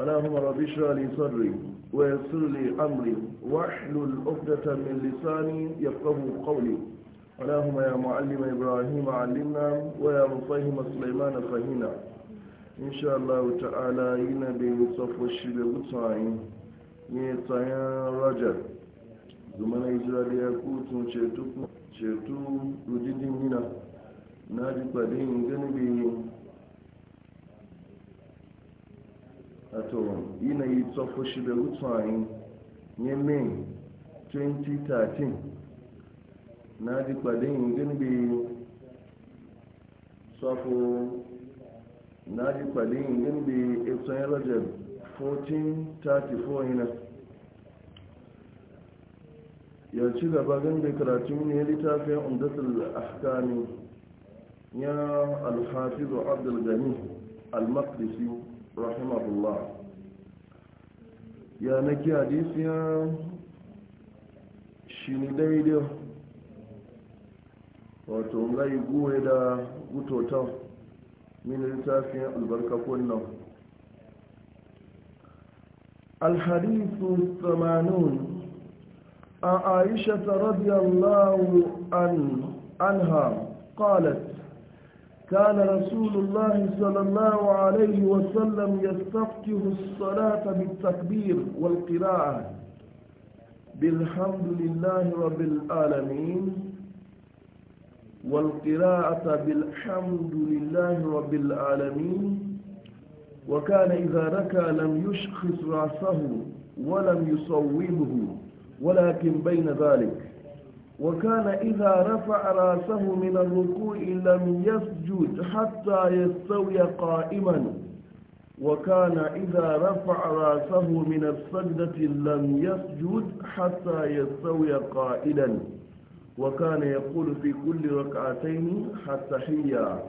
اللهم رب اشرح لي صدري ويسر لي امري واحلل عقدة من لساني يفقه قولي اللهم يا معلم ابراهيم علمنا ويا مفهم سليمان فهمنا ان شاء الله تعالى ينبي صف الشيب وتعين يتعين رجل زمان إجرالي يكوت شيتو شيتو رديد هنا نادي قديم جنبي ato yanayi tsofashi da rutsuwayin yemen 2013 na ji kwadin gilbe tsofo na ji kwadin gilbe etsoyin rajab 1434 yana ya ci gaba gilbe karatun ne littafin umdatul ahkami ya alhafizu abdulgani al-maqdisi rahimahullah ya naki hadisiyan shi ne daidai wato ngai guwe da gutotan mini littafin albarka kunnan alhadisu samanun a aisha radiyallahu anha قالت كان رسول الله صلى الله عليه وسلم يستفتح الصلاة بالتكبير والقراءة بالحمد لله رب العالمين والقراءة بالحمد لله رب العالمين وكان إذا ركى لم يشخص رأسه ولم يصوبه ولكن بين ذلك وكان إذا رفع راسه من الركوع لم يسجد حتى يستوي قائما وكان إذا رفع راسه من السجدة لم يسجد حتى يستوي قائلا وكان يقول في كل ركعتين حتى حيا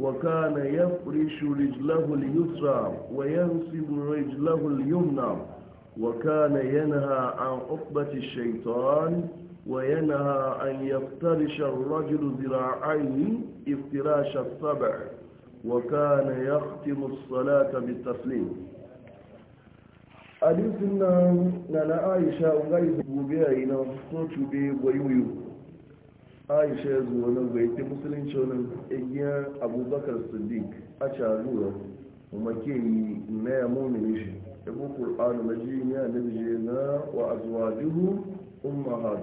وكان يفرش رجله اليسرى وينصب رجله اليمنى وكان ينهى عن عقبة الشيطان وينهى أن يفترش الرجل ذراعين افتراش السبع وكان يختم الصلاة بالتسليم حديثنا نلا عائشة وغيب وبيعنا وصوت بي ويويو عائشة زوانا ويت مسلم شونا إيا أبو بكر الصديق أشعر make ni, na ya mumini shi ibu ƙul'anu na ji ne annabi je na wa azwajuhu umma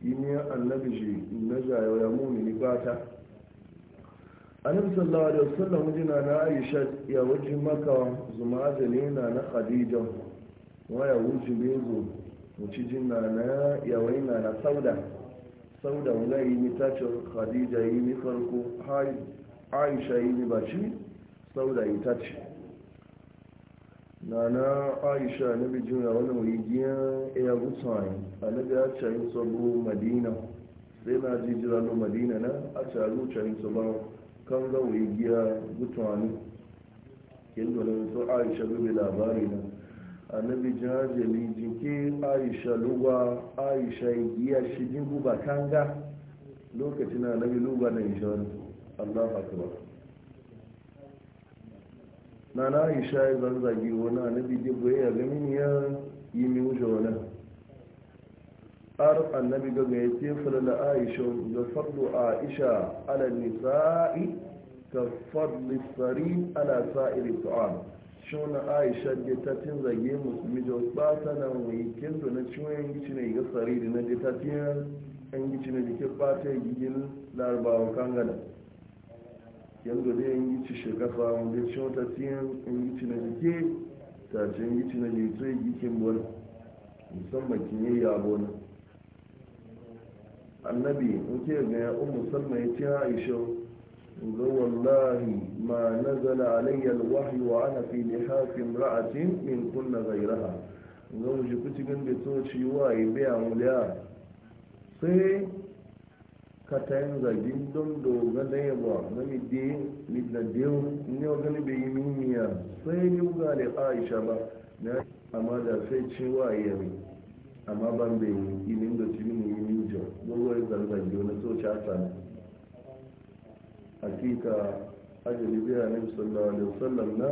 yi ne annabi je na jayo ya mumini bata annabi sallallahu alaihi wasallam jina na aisha ya wuce maka zuma ajali na na khadija wa ya wuce bezo wuce jina na ya waina na sauda sauda wani yi ni tacin khadija yi ni farko aisha yi ni bashi saboda ita ce na na aisha na bijin ya wani wujiyar iya gutsuwaye a na ga cayin sabo madina sai na ji jira no madina na a caru cayin sabo kan ga wujiyar gutsuwaye yadda na su aisha zube labari na a na bijin hajjali jinki aisha luwa aisha giya shi jin guba kanga lokacin na nabi lugwa na yi wani allah akbar na na aisha ya zarzage wani annabi dibbo ya gami ya yi mi wuce wani har annabi ga ya ce falala aisha da fardu aisha ala nisa'i ka fardu sari ala sa'iri su'an shona aisha da ta cin zage musulmi da ba ta na wani kendo na ciwon yanki ci na ga sari da na da ta cin yanki ci na jikin ba ta yi gigin larabawa kangana yadda da yin gici shekafa wanda ya cewa ta tiyan in gici na jike ta ce yin gici na jito yi gikin bol musamman kin yi bol annabi in ke ga ya umu salma ya ce aisha ga wallahi ma nazala alayyar wahi wa ana fi hafin ra'atin min kunna in ga mu ji kuci gan da to ciwa yi bayan wuliya sai katayin zagin don doga da yawa na midde midnadeu ne wa gani bai yi mimiya sai ni wuga da aisha ba na amma da sai cewa ya yi amma ban bai yi ilin da cikin mu yi mijo gwagwar zargage na so cata hakika ajali biya ne sallallahu alaihi wasallam na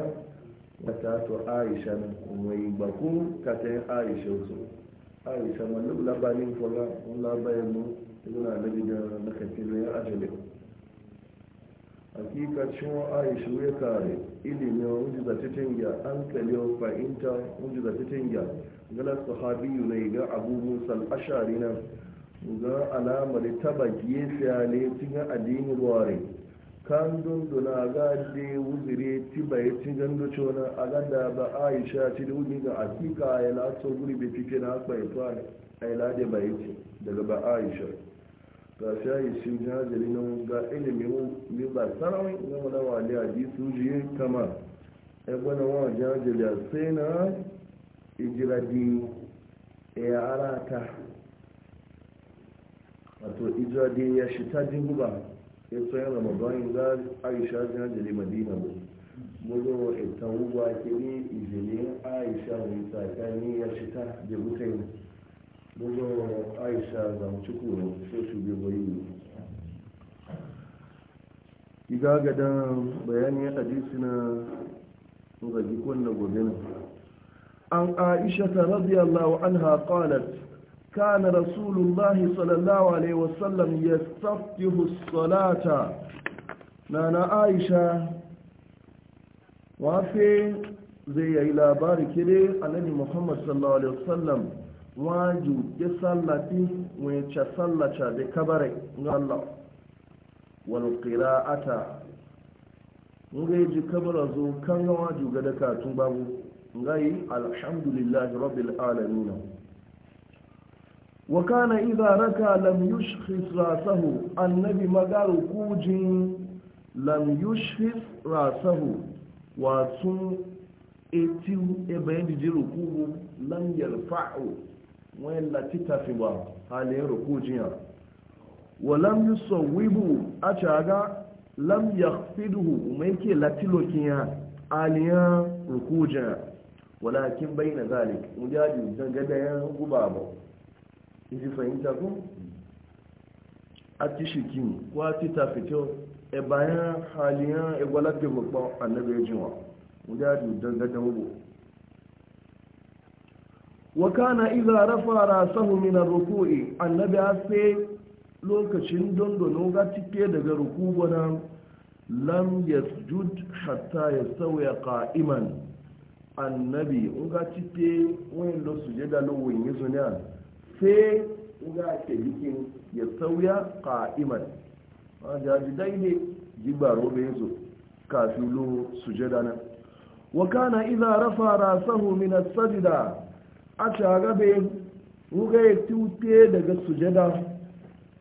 wata to aisha mai baku yin aisha su aisha mallum labanin fola labayin mu ibina nabi da makafi na ya ajiyar hakikacin shi wuya kare ilimin da titin ya an kaliyar fahimta wunji zafi tingiya galar sahabiyu ne ga abu musa al'ashari nan ga alamar taba gefe ne cikin addinin ruwarin kan dunduna ga de wuzire ti bai cin gando cewa a gada ba aisha ci da wuni ga akika ya laso guri bai fice na haka ya tuwa a yi lade bai ci daga ba aisha ga shayi shi jajiri na ga ilimin mi ba sarawai na wani wali a ji su jiye kama ya e gwada wa jajiri a sai na ijiradi e ya arata wato ijiradi ya shi ta jiguba ya tsaye ramadan ga aisha jan jiri madina ba mulo ita wuwa ke ni izini aisha mai tsakani ya shita da mutai mulo aisha zamci kuma sai su bi bayu iga ga dan bayani hadisi na zagi kunna gobe an aisha radiyallahu anha qalat كان رسول الله صلى الله عليه وسلم يستفتح الصلاة نانا عائشة وفي زي إلى بارك لي أنني محمد صلى الله عليه وسلم waju ya sallati wace sallaca da kabare ga Allah wal qira'ata ngai ji kabara zo kan waju ga da katun babu ngai alhamdulillahi rabbil alamin وكان إذا ركى لم يشخص رأسه النبي مقال كوج لم يشخص رأسه واتن اتيو ابين دي ركوب لم يرفعه وين لا تتفي با حالين ركوجيا ولم يصوبه أشاغا لم يخفضه لا تلوكيا حالين ركوجيا ولكن بين ذلك مجاجي زنجدين قبابه iji fahimta ko a ti shikin ko a ti tafito e bayan haliyan e gwalabe babban annabi ya ya wa sai lokacin dondono ga tike daga rukubo nan lam yasjud hatta yastawi qa'iman annabi ga tike wani lo da lo wani zuniya. sai ina ke yakin ya sauya ka'iman a jaji ne jibaro bai zo kafin su nan wa kana idza rafa rasahu min as-sajda a shaga ruga ya tute daga sujada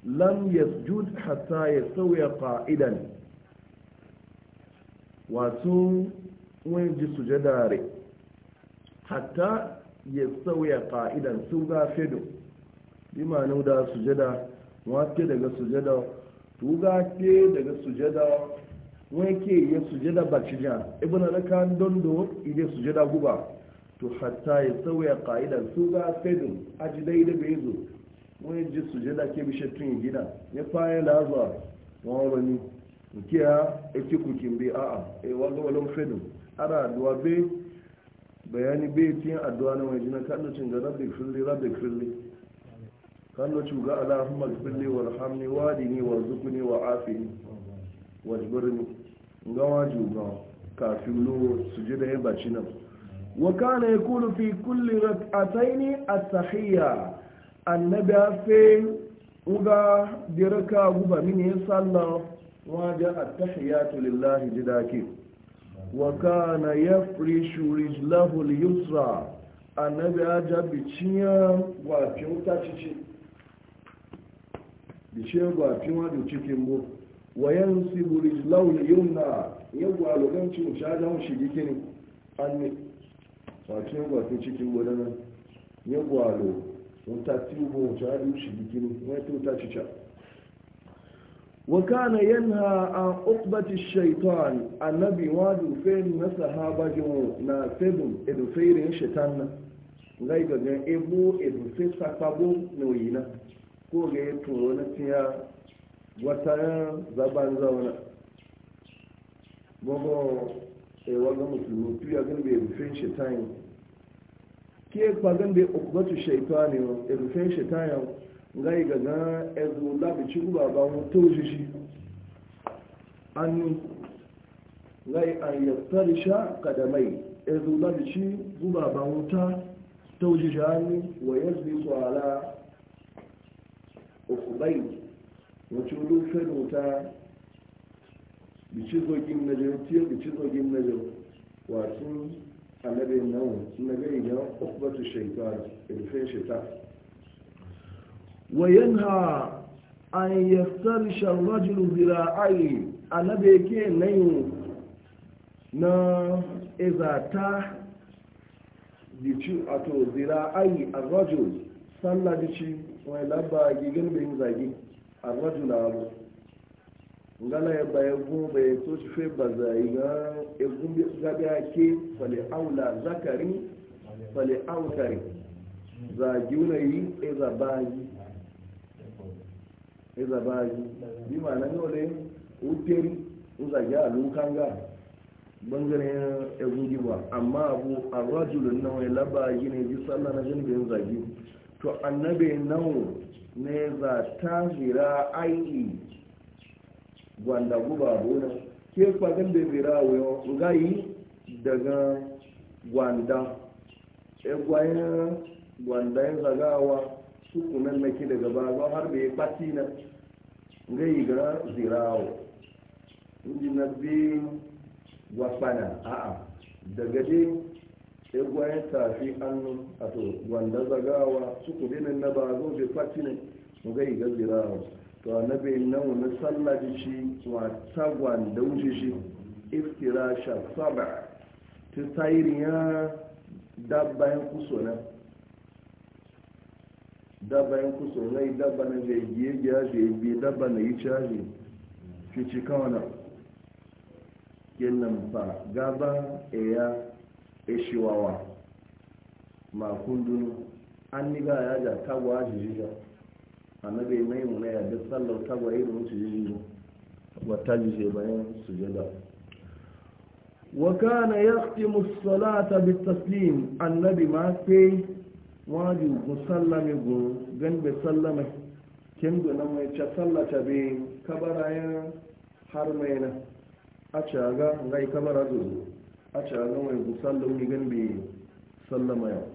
lam yasjud hatta ya sauya ka'idan wato wani ji sujada re hatta ya sauya qa'idan sun ga fedo bi ma'anu da sujada wake daga sujada tuga ke daga sujada wake ya sujada bacija ibn al-kan dondo ide sujada guba to hatta ya sauya qaida tuga fedu aji daidai bai zo wani ji sujada ke bi tun gida ya fara lazuwa wani wani ya ake kukin bai a'a eh, a wanga walon fedu. ara aduwa bai bayani bai tiyan aduwa na wani jina cin ga rabbi firli rabbi firli sannan cuga allahumma gfirli warhamni wadini warzuqni wa'afini wajbirni ngawa juga kafin lo da ya baci nan wa kana yakulu fi kulli rak'ataini a tahiyya annabi afe uga diraka guba mini sallah wa ja at-tahiyyatu lillahi jidaki wa kana yafrishu rijlahu al-yusra annabi ajabi cinya wa fiuta cici ishe ba fi wadu cikin bu wayan siburi lauli yunna yau a lokacin mu sha jan shi gikin an ne wato yau ba fi cikin bu dana yau lo sun ta tubo mu sha jan shi gikin wai to ta cica وكان ينهى na sahaba na na ko ga ya turo na tiya wata yan zaban zauna gbogbo ewa eh, ga musulmi tuya gan bai rufin shi ta yi ke kwa gan bai ukubatu shaita ya rufin shi ta yi ga yi gaga ezu labi ci guba ba mu toshe shi an yi ga yi an yi tsari sha kadamai ezu labi ci guba ba mu ta toshe shi yi wa yanzu ala ukubai wacce rufe nuta bici zogin na jau tiyo bici zogin na wasu alabe na gai ga ukubatu shaitan rufe shaitan na izata ato a wai labba gigin yin zagi a rajula abu ngala ya baya gobe ya to shi fe ba zai ga egun bi gabi ake fale aula zakari fale autari zagi una yi e zabaji e zabaji bi ma nan ole uteri uzagi a lukanga bangaren egun giwa amma abu a rajulun nan wai labba gine ji sallana na jin bin zagi to annabe nau ne za ta zira aiki wanda guba bona ke fagen da zira wuyo gayi daga wanda egwayen wanda ya zagawa su kunan nake daga bazo har da ya na gayi ga zirawo inji na biyu wasana a'a daga dai sai ya tafi hannun a to wanda zagawa su ku dinin na ba zo bai fati ne mu ga iga zirawa to nabe nan wani sallaji shi wa tagwan da wuce shi iftira sha saba ta tsayirin ya dabbayan kuso na dabbayan kuso na yi dabba na zai biye gya zai biye dabba na yi caji fi cika wana kenan ba gaba ya eshiwawa makundun an ni niga ya ja tagwa na annabi mai muna ya duk sallar tagwa irin su jijiju ta jije bayan su jada wa kana ya fi musulata bi taslim annabi ma sai wajib musallami gun gan be sallama kin gona mai ca sallata bi kabarayen har mai na a ga ngai kabara zuwa a ce an gama yanzu sallon ni gan bai sallama yau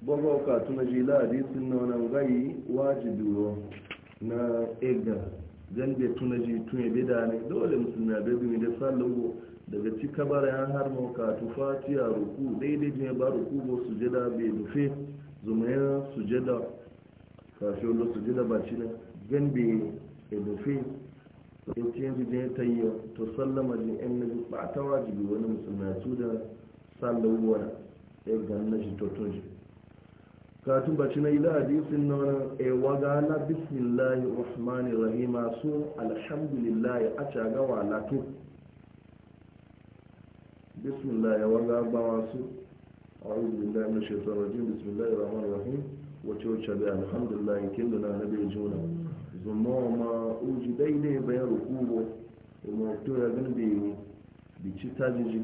bugawa ka tuna jila sun na wani gai wajibi na ega gan bai tuna ji tun yabe da ne dole musulmi abe bi da go daga cika bara ya har tufa tiya ruku daidai jiya ba ruku je da bai rufe zumaya da kafin je da ba shi ne gan bai da ya ce yanzu da ya tayyo to sallamar ne yan nabi ba ta wajibi wani musulma su da sallawa ya gan na shi toto shi katun ba ci ila yi hadisin na wani ewa ga na bismillahi usmani rahima su alhamdulillahi a ca gawa latu bismillahi wa ga ba wasu a'udhu billahi min ash-shaytanir rajim bismillahir rahmanir rahim wa tawakkal 'ala allahi kullu na nabiyyi juna zuma ma uji daidai bayan rukubo kuma to ya gani da yi bici tajiji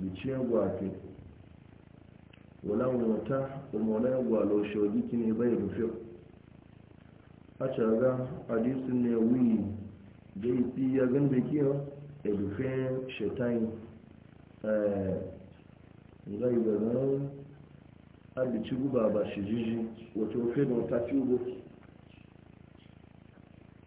bici ya gwafi wala wata kuma wala ya gwalo shogi kine bai rufe a caga hadisin ne wuyi da fi ya gani da kiyo ya rufe shetain zai eh, ganin abici guba ba shi jiji wato fe da ta fi gubo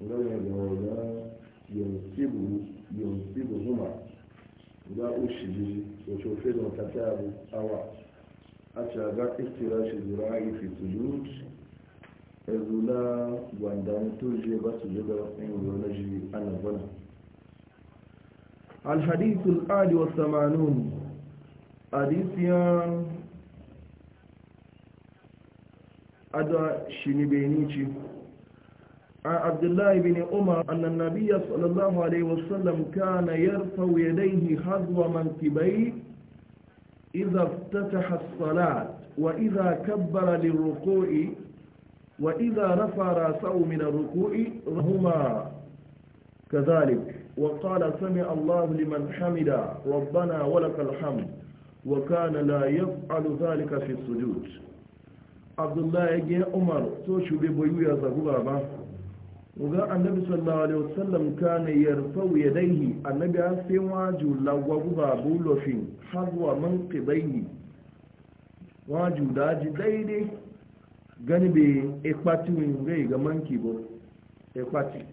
ولا ولا ينصبه ينصبهما لا أشبه وشوفه وكتابه أو أشابه افتراش الزراع في السجود ezula gwandan tuje ba su zuba in yonaji anabana الحديث الآل والثمانون حديث أدى شنبينيتي عن عبد الله بن عمر أن النبي صلى الله عليه وسلم كان يرفع يديه حذو منكبيه إذا افتتح الصلاة وإذا كبر للركوع وإذا رفع رأسه من الركوع هما كذلك وقال سمع الله لمن حمد ربنا ولك الحمد وكان لا يفعل ذلك في السجود عبد الله يجي عمر توشو شبه بيويا زغبا ga annabi sallallahu alaihi wasallam kana yarfau yadayhi annabi sai waju lagwagu babu lofin hazwa man qidayhi waju daji daidai gani be ekpati gai ga manki bo ekpati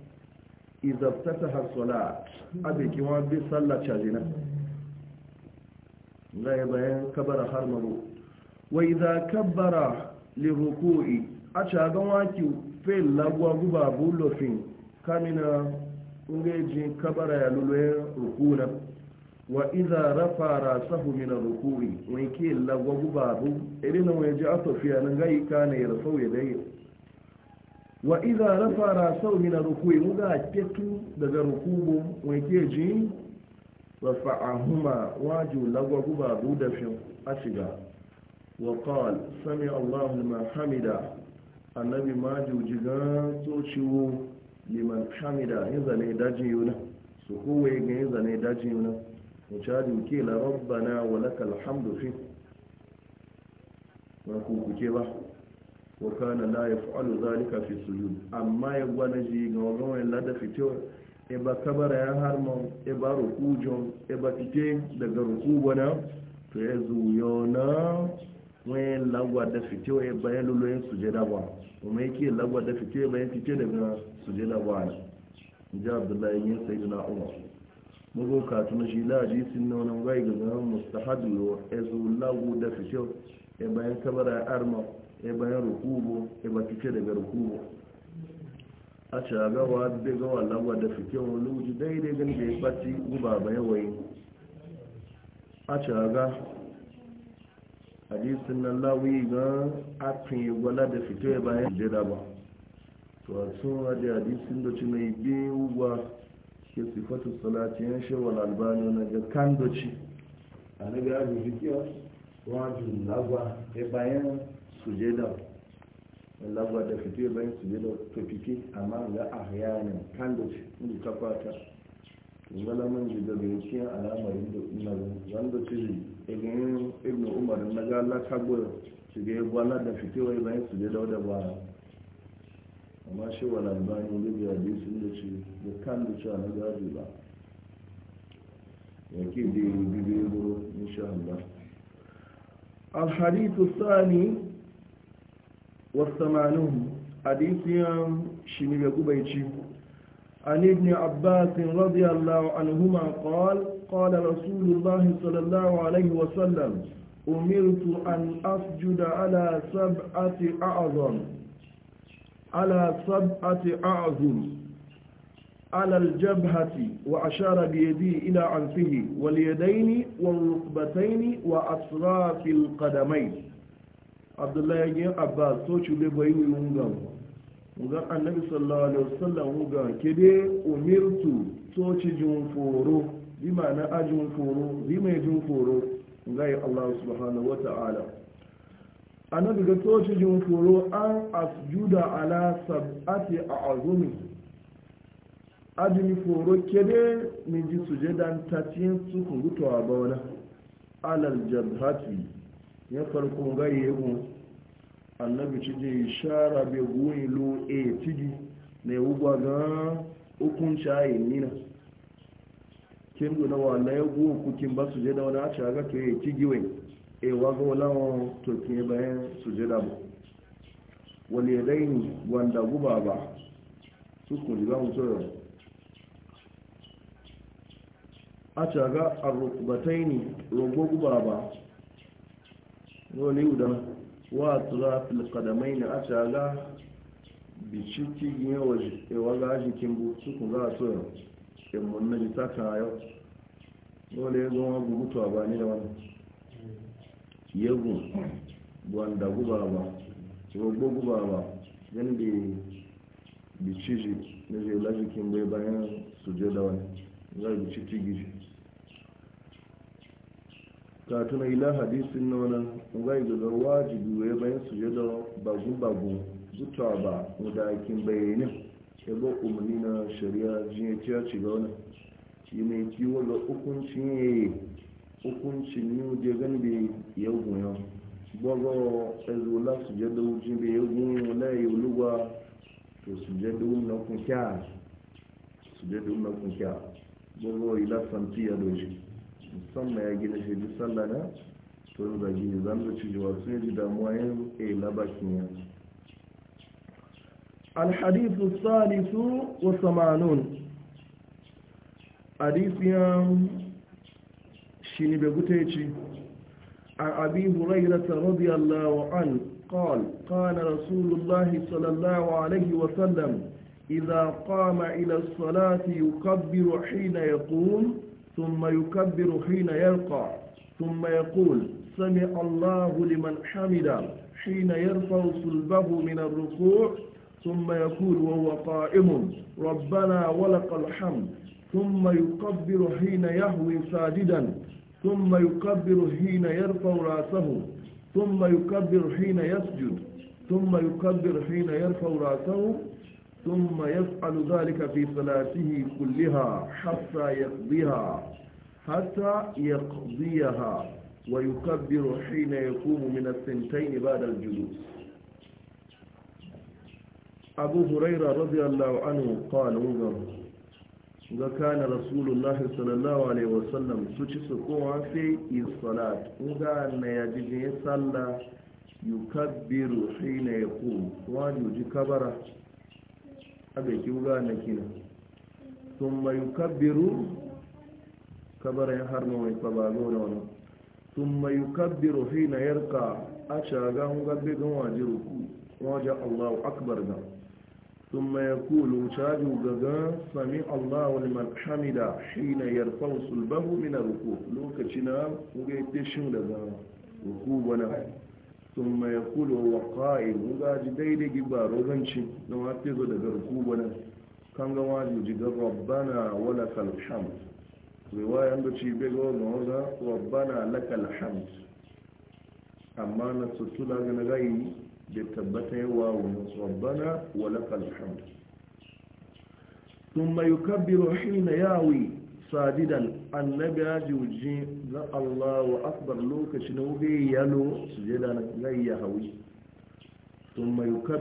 idza ftataha salat abe ki wa bi sallah chajina ngai bayan kabara har mabu wa idza kabbara liruku'i a ga waki fayin lagwa guba bulofin kamina ngeji kabara ya lulwe rukuna wa iza rafa rasahu min rukuri wani ke lagwa guba bu irin wani ji atofiya nan ngai ka ya rasau ya dai wa iza rafa rasahu min rukuri muga tetu daga rukubu wani ke ji ahuma waju lagwa guba bu da fi a shiga وقال سمع الله لمن حمده annabi ma jujigan tsociwo liman hamida yin zane dajin yuna su kowa ga yin zane dajin yuna mu cajin ke la rabbana wa lakal hamdu ba ku kuke ba wa kana la yaf'alu zalika fi sujud amma ya gwana ji ga wani lada fito e ba kabara ya harma e ba rukujon e ba fite daga ruku bana to ya zuyo na wani lagwa da fito ya bayan lulluyin suje da ba kuma yake lagwa da fito ya bayan fito daga suje da ba ne ji abdullahi yin sai na umar mugo ka tuna shi laji sun nuna gai ga zama mustahadu yo ezu lagu da fito ya bayan kabara arma ya bayan rukubo ya ba fito daga rukubo a shagawa da gawa lagwa da fito wani wuji daidai gani da ya ɓaci guba bayan wayi a shaga hadisin na lawi ga akin yi gwala da fito ya bayan jira ba to a sun hadi hadisin da ci mai bi ugwa ke sifatu salatiyan shawar albani na ga kan doci a na ga ajin fikiyar wajen lagwa ya bayan sujeda lagwa da fito ya bayan sujeda to fiki amma ga ahyanin kan doci inda ta fata zalaman ji daga ya ciyar alamar yadda umaru wanda ce ibn ibn umar na ga lakabur su ga yabuwa na da fitowa bayan su ga dauda ba amma shi wa labari ne da yadda su da ce da kan da ciwa na gaji ba ya ke da yi bibi buru insha Allah alharitu sani wasu manu a dinkiyan shi ne ga gubaici عن ابن عباس رضي الله عنهما قال قال رسول الله صلى الله عليه وسلم أمرت أن أسجد على سبعة أعظم على سبعة أعظم على الجبهة وأشار بيدي إلى عنفه واليدين والركبتين وأطراف القدمين عبد الله بن عباس توشي لبوي ونغاوه ga annabi sallallahu alaihi wasallam ga kede umirtu to ci jun foro bi ma'ana ajun foro bi mai jun foro ga ya Allah subhanahu wata'ala annabi ga to ci jun foro an asjuda ala sab'ati a'zumi ajun foro kede min ji sujudan tatin su kungutowa ba wala alal jabhati ya farko ga yi mu annabi cije shara bai goyi lo e tigi ne wugwa ga ukun chai nina kin go wa wala ya go kin ba su je da wani aci ga to ya tigi wai e waga wala wa turki bayan su je da ba wale ni wanda guba ba su kun ji ba mu tsoro aci aga arrukubatai rogo guba ba wani udan wa tura filkadamai na ashala biciki yin ewa a jikin butu kun za a so yau kemmun na jita kan yau dole ya zama gugutu a bani da wani yegun wanda guba ba rogo guba ba yadda biciji na zai lajikin bai bayan su je da wani za a biciki gizi katun ila hadisin nona ngai daga wajibi ya bayan da bagun bagun zuta ba da kin bayanin yabo umarni na shari'a jiya ciya ci ga wani shi mai kiwo ga hukuncin yayi hukuncin yau je gani bai yau gunya gbogbo ezola da wujin bai yau goyon wala yi lugwa to da wun na kun kya da wun na kun gbogbo ila santiya doji musamman ya gina shaidu sallah tun zagi ne zan zaci jiwa sun damuwa yin ruke eh, na bakin ya alhadisu salisu wa samanun hadisiyan shi ne bai gute ci an abi huraira ta rabi allawa an قال قال رسول الله صلى الله عليه وسلم إذا قام إلى الصلاة يكبر حين يقوم ثم يكبر حين يلقى ثم يقول سمع الله لمن حمد حين يرفع صلبه من الركوع ثم يقول وهو قائم ربنا ولك الحمد ثم يكبر حين يهوي ساجدا ثم يكبر حين يرفع راسه ثم يكبر حين يسجد ثم يكبر حين يرفع راسه ثم يفعل ذلك في صلاته كلها حتى يقضيها حتى يقضيها ويكبر حين يقوم من الثنتين بعد الجلوس أبو هريرة رضي الله عنه قال وقال وكان رسول الله صلى الله عليه وسلم سوچسقوا في الصلاة وقال ما يجبني صلى يكبر حين يقوم وان يجي كبره aga kiwuga na kina sun mai kabbiru kabarin har na wani kwabago da wani sun mai kabbiru fi na yarka a shaga hunga bigan waje ruku waje allahu akbar ga sun mai kulu caju gaga sami allahu liman hamida shi na yarfa sulbahu mina ruku lokacina na wuge teshin daga ruku wani sun mai kudu wa ƙa'in gaji daidai gibaro zanci na mafi zo daga rukubanin kan gama jujjigar rabbana wala kalham riwayan da ci bai gawa ga rabbana la kalham amma na tutula ga nagayi da tabbata yawa wani rabbana wala kalham sun mai yukabbiru na yawi sadidan annabi ya ji wuji na Allah wa lokaci na wuge yalo su je da nan ya hawi tun mai ta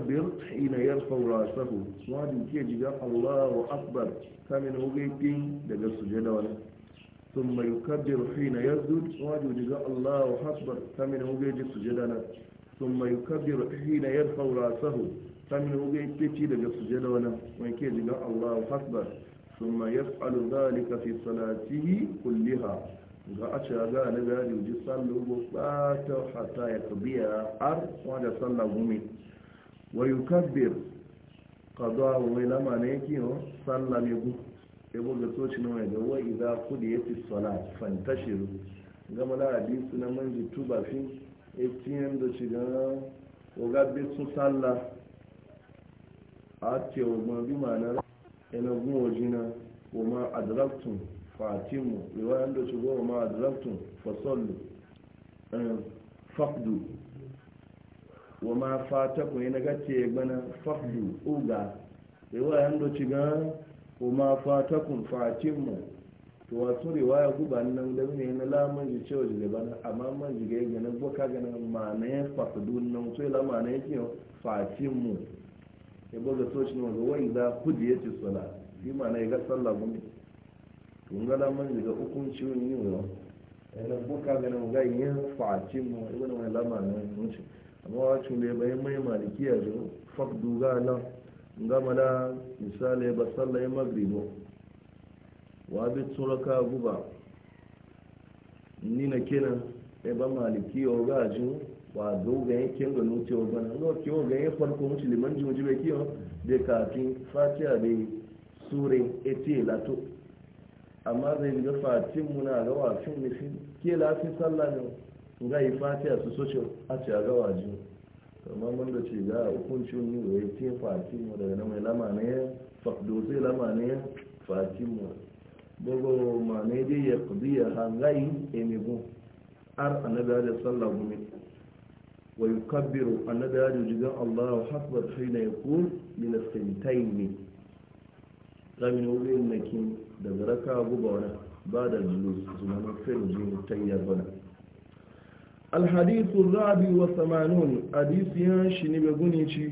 ina yar faura sahu wa da ke ji Allah wa akbar ta daga su je da wani tun mai kabir ina yar zuci wa da Allah wa su je da mai ina yar faura sahu da wani ثم يفعل ذلك في صلاته كلها ga a cewa za a na gari ji sallu gubata hata ya kabiya har wanda sallah gumi wa yi kabir kazuwa wai lama na yake yau sallah mai gu ebo ga soci na wani gawa idan kudi ya fi sola fantashiru gama da hadisu na manji tuba fi etiyan da shiga ogabe su sallah a ce ma na ra. yana gumo jina wa ma adraktum fatimu riwayar da ci goma ma adraktum fasallu eh, fafdu wa ma fataku yana gace gbana fafdu uga riwayar da ci gana wa ma fatakun fatimu to wasu riwaya guba nan da ne na lamun ji cewa ji gaba amma man ji ga gana boka gana ma ya fakdu nan sai la ma ne ke fatimu ya baga toshi wanda wani za kuji ya ce sola yi mana ya ga sallah gumi tun gada man daga ukun ciwon yi wa yana buka ganin ga yin ma mu ibn wani lama na ci, amma wa cin da ya bayan mai malikiya zo fak duga nan gama da misali ba sallah ya magribo wa bi tsoraka guba ni na kenan ya ba malikiya ga jin wa zo ga yankin ga cewa wa gwanan zo kiwo ga yankin farko musulman jihoji bai kiyo da kafin fatiha bai sure ete lato amma zai ga fatin muna ga wafin nufin ke lafi sallah ne ga yi fatiha su soce a ce a ga waje. amma mun da ce ga hukuncin ni yi ce fatin mu daga nan mai lama ne fakdo sai lama ne fatin mu dogo ma ne dai ya kudiya hangayi emegun har annabi da sallah gumi wa yukabbiru annabi ya jigan Allah hasbar shi na yakun min as-sintain ramin wurin nakin daga raka guba wani ba da julus zumanin fil jini tayyar الحديث الرابع والثمانون حديث ينشني بغنيشي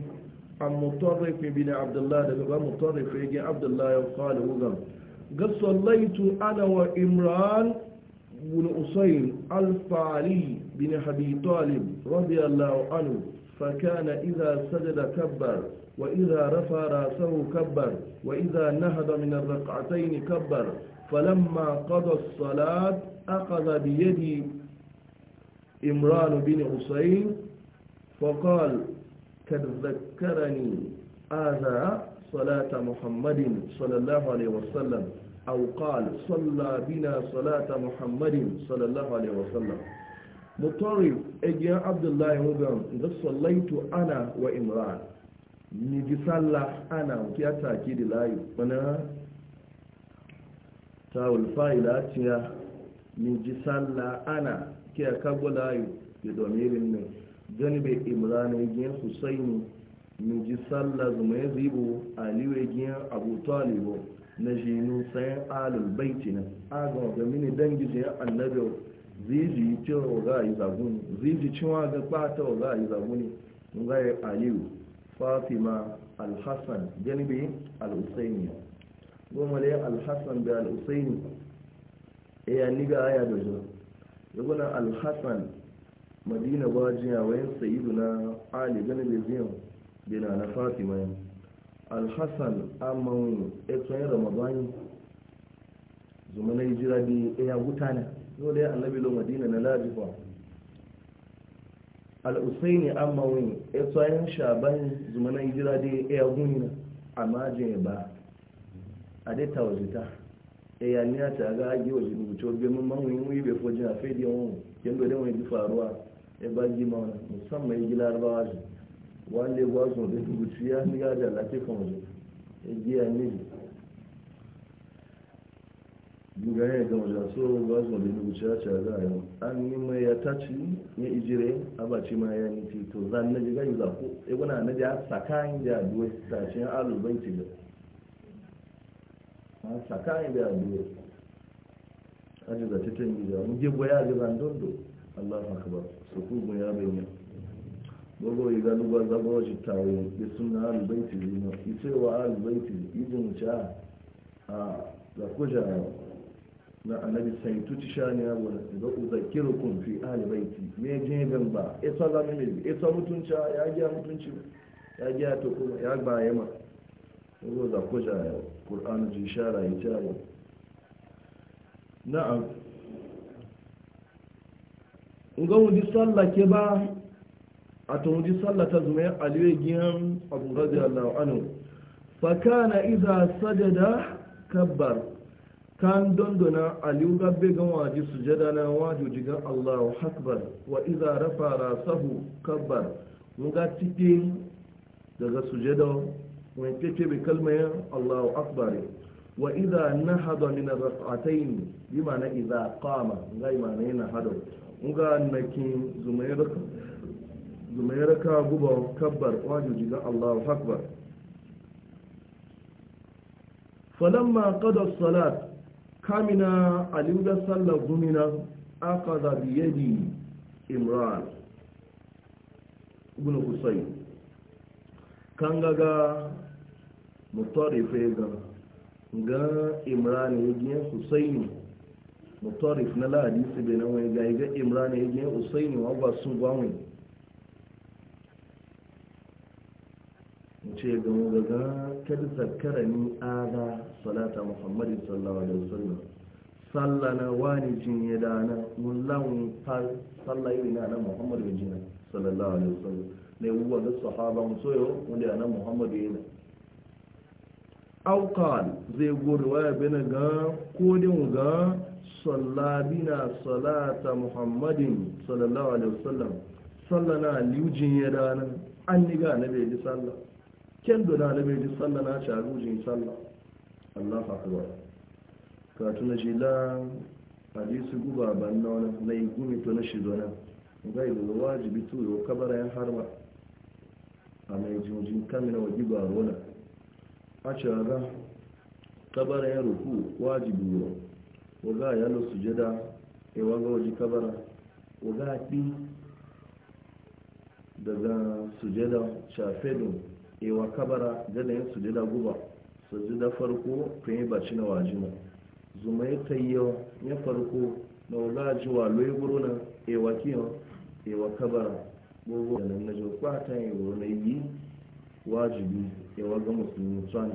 عن مطرف بن عبد الله لقد مطرف يجي عبد الله وقال وقال قد صليت أنا وإمران بن أسين ألف علي بن أبي طالب رضي الله عنه فكان إذا سجد كبر وإذا رفع رأسه كبر وإذا نهض من الركعتين كبر فلما قضى الصلاة أخذ بيدي إمران بن حسين فقال قد ذكرني هذا صلاة محمد صلى الله عليه وسلم أو قال صلى بنا صلاة محمد صلى الله عليه وسلم مطرف إجياء عبد الله مبرم إذا صليت أنا وإمران نجسال صلى أنا وكي أتاكيد الله أنا تاول فايلة نجسال صلى أنا كي أكبر الله يدومير النور جانب إمران يجي حسين نجسال صلى زميزيبو علي ويجي أبو طالبو na jini sayan alul baiti nan agon ga mini dangi je annabi ziji cewa ga yi zabuni ziji cewa ga kwata ga yi zabuni ga yi aliyu fatima alhassan janibi al goma da ya alhassan da al-husaini e ya niga aya da zo yaguna alhassan madina wajiya wayan sayidu na ali janibi ziyan bina na fatima yanzu alhassan amman etsoyin zuma na jira bi eh, ya wuta ne yau da annabi lo madina na lajifa al'usaini amman etsoyin shaban na jira bi eh, ya guni a majin ba a dai tawazita eh, ya ni a ta ga agi wajen wuce bai mun manwuyin wuyi bai fojin a fediyon yadda da wani faruwa ya ba gima musamman yi gilar bawa shi wale gwazo da ya ni ga da lati kan waje e ji ya ga waje so gwazo da ku ya ci ga yau an yi mai ya taci ya abaci ma ya ti to zan na ji ga yi zako e gona na ja sakan ja duwe tashin alu banki da sakan ja duwe aji da titin gida mu je ya ga gogo yi ga duba zago shi tawo ya suna alibaiti zina ita wa alibaiti izin ci a da kuja na annabi sai tuci shani abu da uzakiru kun fi alibaiti me jebin ba ita za mu ne ita mutunci ya gya mutunci ya gya to kuma ya gba ya ma gogo za kuja qur'anu ji shara ya ci abu na'am ngawun di sallah ke ba a tun ji sallata zume aliyu giyan abu radiyallahu anhu fakana iza da kabbar kan dondona aliyu gabbe gan waje su sujada na waje jigan allahu akbar wa iza rafa rasahu kabbar ga cikin daga su sujada wani keke bi kalmayar allahu akbar wa iza nahada min rak'atayn bima na iza qama ga na yana hado ga nakin zumayr zuma ya raka guba kabbar wajoji ga allahu akbar falamma qada salat kamina aliuda sallar gumina aka zabi yadi imran ibn gaga kangaga ife ga ga imran yajin husayn mutarif na ladisi benan wani ga ya imran yajin husayn wa ba su gwamnati ce ga daga kada zakara ni aga salata muhammadin sallallahu alaihi wasallam sallana wani jin ya dana wallan fal sallayi na nan muhammadu jina sallallahu alaihi wasallam ne uwa da sahaba mu soyo wanda na muhammadu yana aw zai gori waya bana ga ko din ga sallabina salata muhammadin sallallahu alaihi wasallam sallana liujin ya dana an ni ga annabi sallallahu kendo na da bai sallah na ci a sallah Allah akwai ka tuna shi la hadisi guba ban na wani na yi gumi to na shi zona ga yi da wajibi to yau kabara yan harba a mai jinjin kamina wa giba rona a ci ra kabara yan ruku wajibi yau ga ya lo sujada e ga waji kabara waga ɗi daga sujada shafedun ewa kabara jalayin su jida guba su jida farko kan yi baci na wajina zuma ya tayyo ya farko na wula jiwa loyi guru na ewa kiyon ewa kabara gbogbo da nan na jo kwata yi wuri na yi wajibi ewa ga musulmi tsani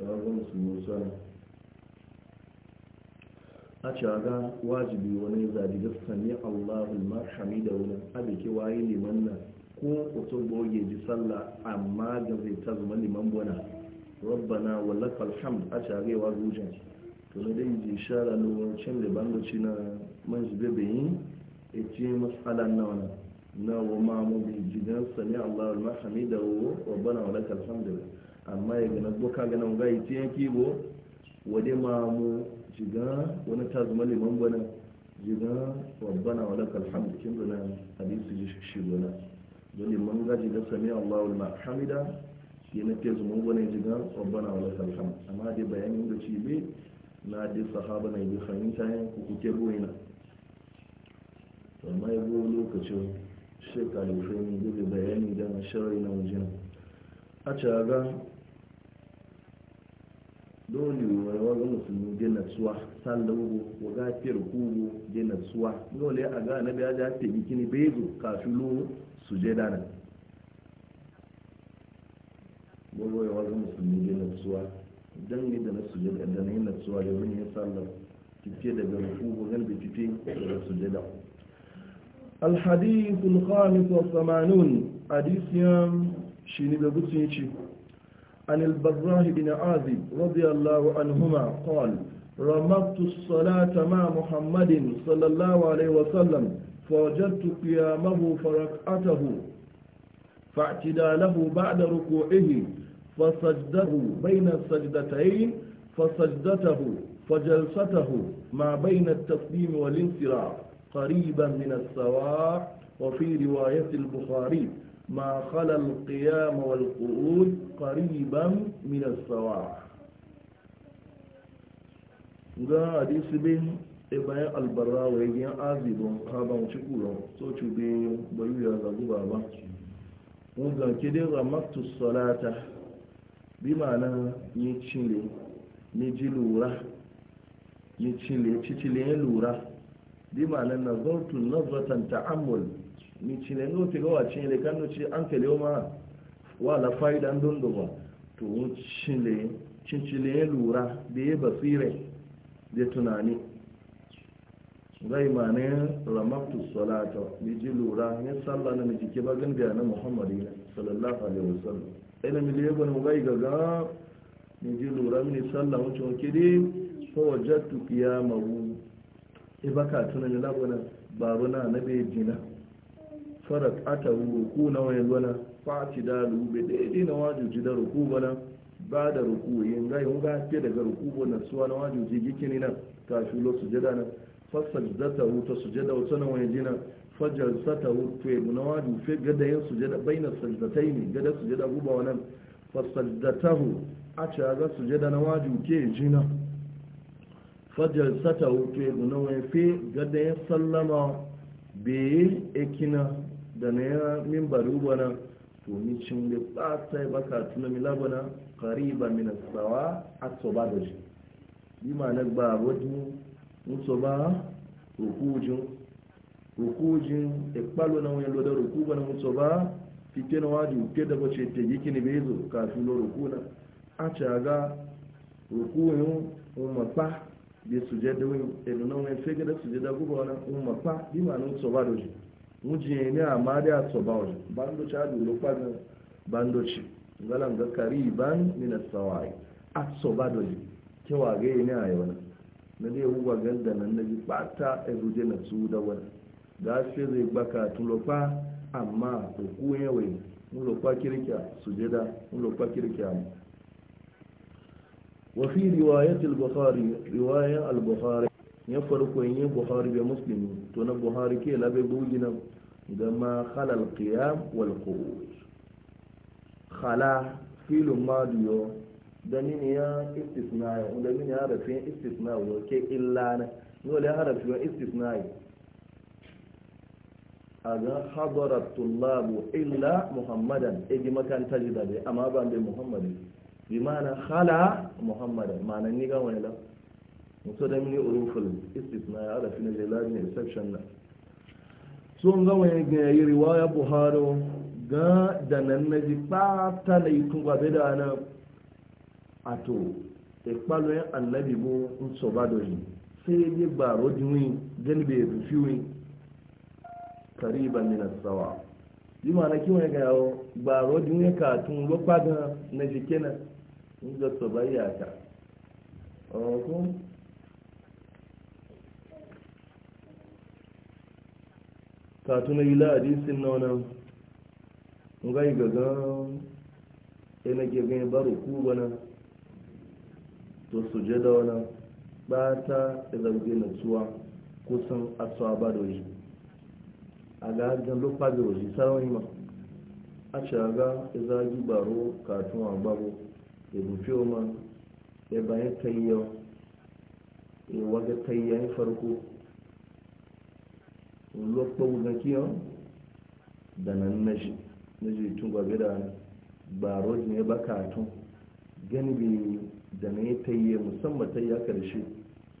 ewa ga musulmi tsani a aga wajibi wani zadi gaskani allahu marhami da wani abike waye liman nan ko mutum boge ji sallah amma da zai ta zuma liman bona rabbana wallaka alhamd a sharewa zujan to na dai ji shara na wancan da bangaci na man shi bebe yi ya ce matsala na wani na wa mamu bi jidan sani allah almahami da wo rabbana wallaka alhamd amma ya gana boka gana ga yi ce yanki bo wade mamu jiga wani ta zuma liman bona jiga rabbana wallaka alhamd kin zana hadisi shi gona dole mun gaji da sami Allah ul mahamida shi na ke zumun gwanin jigan obana wala lakal amma dai bayanin da shi ne na dai sahaba na bi fahimta yan ku kuke ruwaina to amma yabo lokacin shekaru sai mun gobe bayani da na na wajen a caga dole wani waga musulmi gina tsuwa sallawo waga firkugo gina tsuwa dole a ga na biya da ta bikini bezo kafin lowo sujada nan gogo ya wajen musulmi ne natsuwa don da na sujada da na yi natsuwa da wani ya sallar kike da gamfu gogon da kike da sujada الحديث الخامس والثمانون حديث يام شيني بغسينشي عن البراه بن عازب رضي الله عنهما قال رمضت الصلاة مع محمد صلى الله عليه وسلم فوجدت قيامه فركعته فاعتداله بعد ركوعه فسجده بين السجدتين فسجدته فجلسته ما بين التسليم والانصراف قريبا من السواء وفي رواية البخاري ما خلا القيام والقعود قريبا من السواء قال حديث sai bayan albarra wa yi yan azibin haban ci kuron so cube bayu ya zagu ba mun zanke dai ramattu salata bi ma'ana yi cile ni ji lura yi cile cile yin lura bi ma'ana na zartun nazartan ta'amul ni cile ngo wata gawa cile kan no ci an kele ma la fa'idan ba to cile cicile yin lura da ya basire da tunani zai ma ne ramabtu salata ni ji lura ni sallah na miji ke bagan da na muhammadu sallallahu alaihi wasallam ina mi lebo ni gai gaga ni ji lura ni sallah wuce wake ko wajatu wajattu qiyamahu e baka tuna ni labona babu na nabi jina farat atahu ku na wayan wala fati da lube na waju wajuji da ruku bana ba da ruku yin gai mun ga ke daga ruku bana suwa na ji gikini na kashi lo sujada na fasajzatahu ta da wa sanan wani jina fajalsatahu to ibn wadu fi gada yin sujada baina ne gada sujada guba wannan fasajdatahu a ce ga sujada na wadu ke jina fajalsatahu to ibn wadu fi gada yin sallama bi ikina da na min mimbar ubana to ni cin da ba sai baka tuna milabana qariba min as-sawa as-sabadaji bima nagba wajhu mutu ba rukujin rukujin ikpalo na wani lodar rukuba na mutu ba fite na waje uke da bace te yiki ne bezo kafin lo rukuna a caga rukuyin umarpa bi sujada wani ilu na wani fege da sujada guba wani umarpa bi ma na mutu ba doji mujin ne a ma da tsoba wani bandoci a dulo kwanan bandoci galan ga kariban minas sawari a tsoba doji kewa ga yi ne a yi wani na dai huwa ganda nan na ji ta a guje na su da wani da shi zai baka tulofa amma huku yawai mulofa kirkiya su jeda mulofa kirkiya mu wafi riwayatul bukhari riwayan al-bukhari ya farko yin bukhari bai muslimi to na bukhari ke labe bugina da ma khalal qiyam wal khala khala filun madiyo da mini ya istisna ya da mini harafin istisna ya ke illa na dole ya harafin istisna ya a ga hadarar tullabu illa muhammadan egi makanta ji zabe amma ba bai muhammadin bi mana hala muhammadan ma'anan ni ga wani la mutu da mini urufin istisna ya harafin da lalari ne exception na sun ga wani gayayi riwaya buhari ga da nan na ji ta laifin gwabe da nan ato ikpalo ya annabi bu nsoba doji sai ya gbaro diwi galibe ya fi wi kariban min sawa yi ma na kiwon ga gbaro diwi ya katun lokpa da na jike na ga soba ya ta ọkụ katuna ila hadisin na wani ngai gaga ina ke gani baro ku bana to da wani ba ta zarge natsuwa kusan asuwa ba da waje a ga hajjan lokpa da waje sarawar ma a shaga ya zagi baro katon agbaro ya bufe ma ya bayan tayyau ya waga tayyayin farko lokpa wunan kiyon da nan nashi nashi tun gwabe da baro ne ba katon gani bai da na yi musamman ta ya wani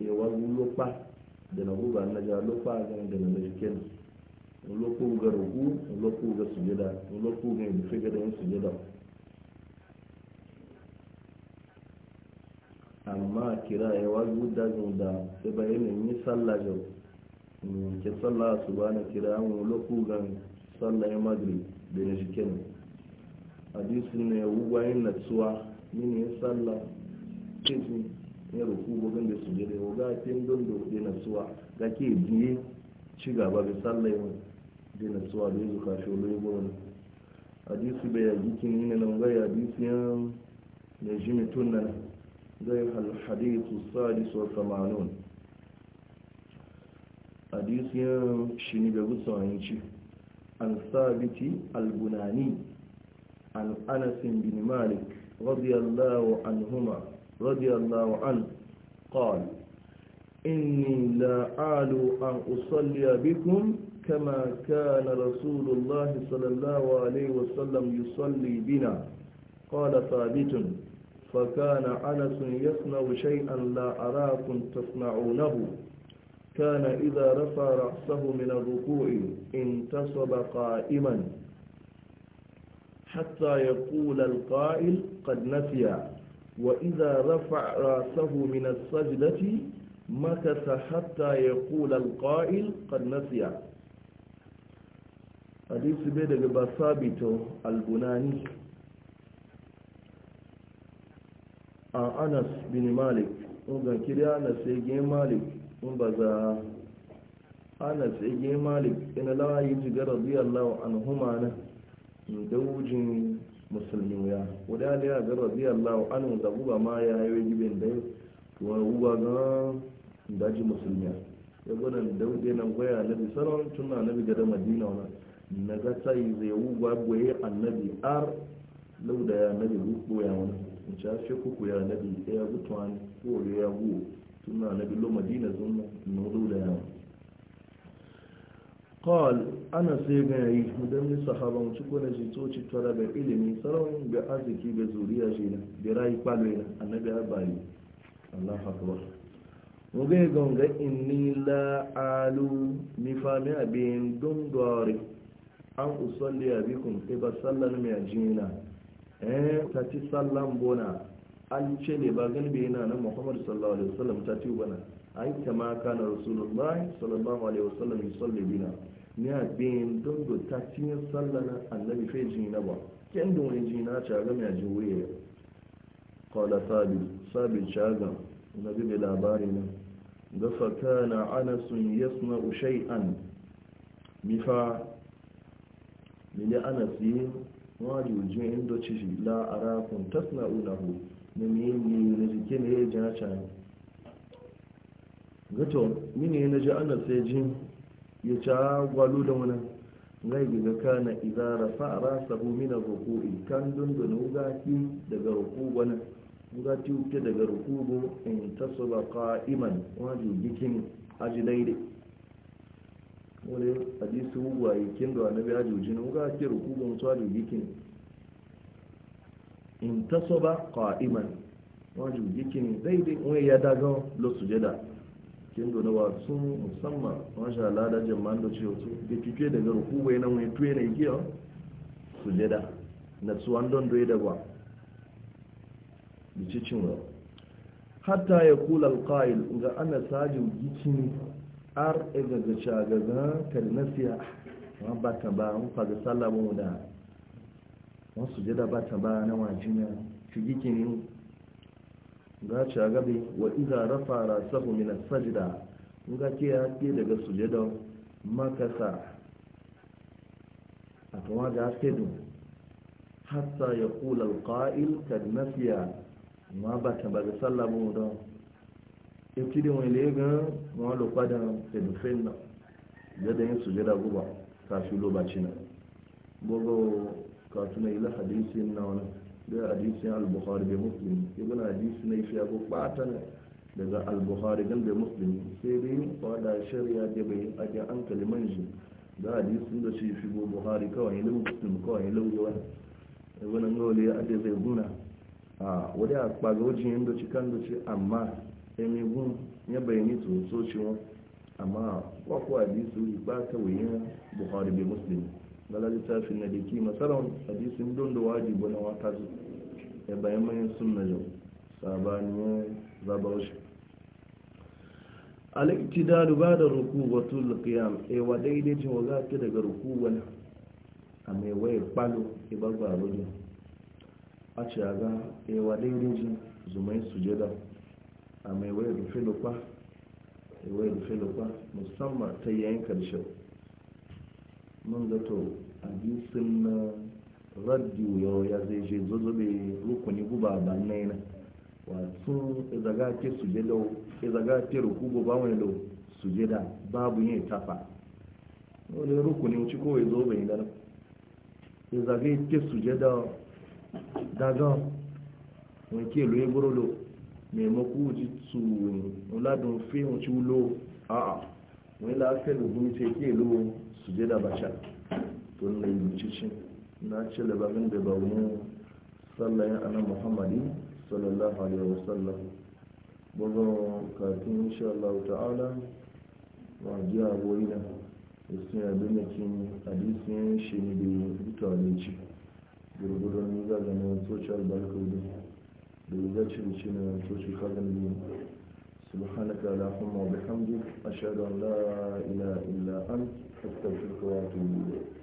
yawar lupa da na guba na ja lupa da na mulkin lokku ga ruku lokku ga sujada lokku ga da figa da sujada amma kira ya wani guda da ta bayanin yi sallah jau mm, ke salla su ba na kira mu lokku ga sallah ya magri da na jikin hadisin ne wuwayin natsuwa mini salla. keji ya ruku bugun da su jere ga tin don da wuɗe na suwa ga ke biye ci gaba da sallai mu da na suwa da yanzu kashe wani hadisi bai yaji kin yi nan gai hadisi yan da ji mutum nan gai hadisu sadis wa samanun hadisi yan shi ne bai gusa wani ci an sabiti albunani an anasin bin malik radiyallahu anhuma رضي الله عنه قال إني لا أعل أن أصلي بكم كما كان رسول الله صلى الله عليه وسلم يصلي بنا قال ثابت فكان أنس يصنع شيئا لا أراكم تصنعونه كان إذا رفع رأسه من الركوع انتصب قائما حتى يقول القائل قد نسي وإذا رفع رأسه من السجدة مكث حتى يقول القائل قد نسي حديث بيد بثابت البناني أنس بن مالك أنس بن مالك وبذا أنس يجي مالك إن لا يجي رضي الله عنهما دوجين musulmi ya wadda da ya zara biya Allah anu da guba ma ya yi gibin da wa guba ga daji musulmi ya ya da wuce nan gwaya nabi sarar tun na nabi gada madina wana na ga tsayi zai guba gwaye annabi ar lauda ya nabi gugu ya wani in ci hafi kuku ya nabi ya gutuwa ne ko ya gugu tun na nabi lo madina zunna na lauda ya wani قال أنا سيغني مدمني صحابة وشكونا جيتو ترى بإلمي سلام بعزك بزوريا جينا برأي قالوين النبي أباي الله أكبر وغي غنغ إني لا أعلو نفامي أبين دون دواري أن اصلي بكم إبا سلم يا جينا ايه تاتي سلام بونا an ce ne ba galibi yana nan muhammadu sallallahu alaihi wasallam tati bana ai kama kana rasulullahi sallallahu alaihi wasallam yusalli bina Ni bin don da ta cinye sallana annabi fai jina ba kyan da wani jina gami a ji wuye kawala sabi sabi caga na bibi labari na da fakana anasun ushai an mifa mili anas yi wani ujiyar indo ciji la arakun tasna unahu na miyini na jike ne ya jina caga gato mini na ji ana ya jini ya ca gwalo da wani ngai ga kana idza rafa rasahu min ar-ruku'i kan dundun ga ki daga ruku wani ga ti uke daga ruku in tasaba qa'iman wajen bikin aji daidai wani hadisi wuwa yakin da annabi aji ujin ga ki ruku gon so aji bikin in tasaba qa'iman waju gikin daidai wani ya daga lo sujada dole na wasu musamman masha Allah da jama'an da cewa su da fife daga rukuba yana wani tuwe na igiya su da na tsuwan don doye da ba da cin wa hatta ya kula alƙa'il ga ana sajin gikin ar e ga ga shagaga nasiya ma ba ta ba an faga mu da wasu jeda ba ta ba na wajen ya fi gikin ga ci gabe wa iza rafa rasahu min as-sajda ga ke ya daga sujada makasa a kuma ga ke dun hatta ya al-qa'il kad nafiya ma ba ta ba sallamu don eti de wani lega wa lo pada se do da yin sujada guba ta fi lo na gogo ka tuna ila hadisin na wannan da hadisin al-bukhari da muslim ibn hadisi ne shi ko bata daga al-bukhari dan da muslim sai dai wada shari'a da bai ake an kaliman shi da hadisin da shi fi buhari kawai ne muslim kawai ne lawa ibn ya ade zai guna a wada akpaga wajin yanda cikan amma emi gun ya bayani to so ciwon amma kwakwa hadisi ba ta da muslim bala littafin na da ke masarar hadisun don da wajibu na wata zu ya bayan mayan sun na yau sabaniyar zabar shi al da duba da ruku wato lukiyam a e wa daidai jin wa zaki daga ruku wani a mai waye kwalo e ba ba a ce a ga e wa daidai jin zumai sujada a mai waye rufe lokwa musamman ta yayin karshe mun zato hadisin na radio yau ya zai je zozobe rukuni guba ba naina wato izaga ke suje lau izaga ke rukugo ba wani lau suje da babu yin tafa wani rukuni wuce kowai zo bai gana izaga ke suje da daga wani ke lo eboro lo maimako wuce su ladun fi wuce lo a'a wani lafiyar gumi ce ke lo su je da sha tun da yi cikin na ce labarin da ba wani sallayin anan muhammadi sallallahu alaihi wasallam bugun kafin insha Allah ta'ala a ji aboyi na isin abin da kin hadisin shi ne da wani ci gurgurun ni ga ganin albarka barcode da ga ci ne? na social kagan سبحانك اللهم وبحمدك أشهد أن لا إله إلا أنت Because people have to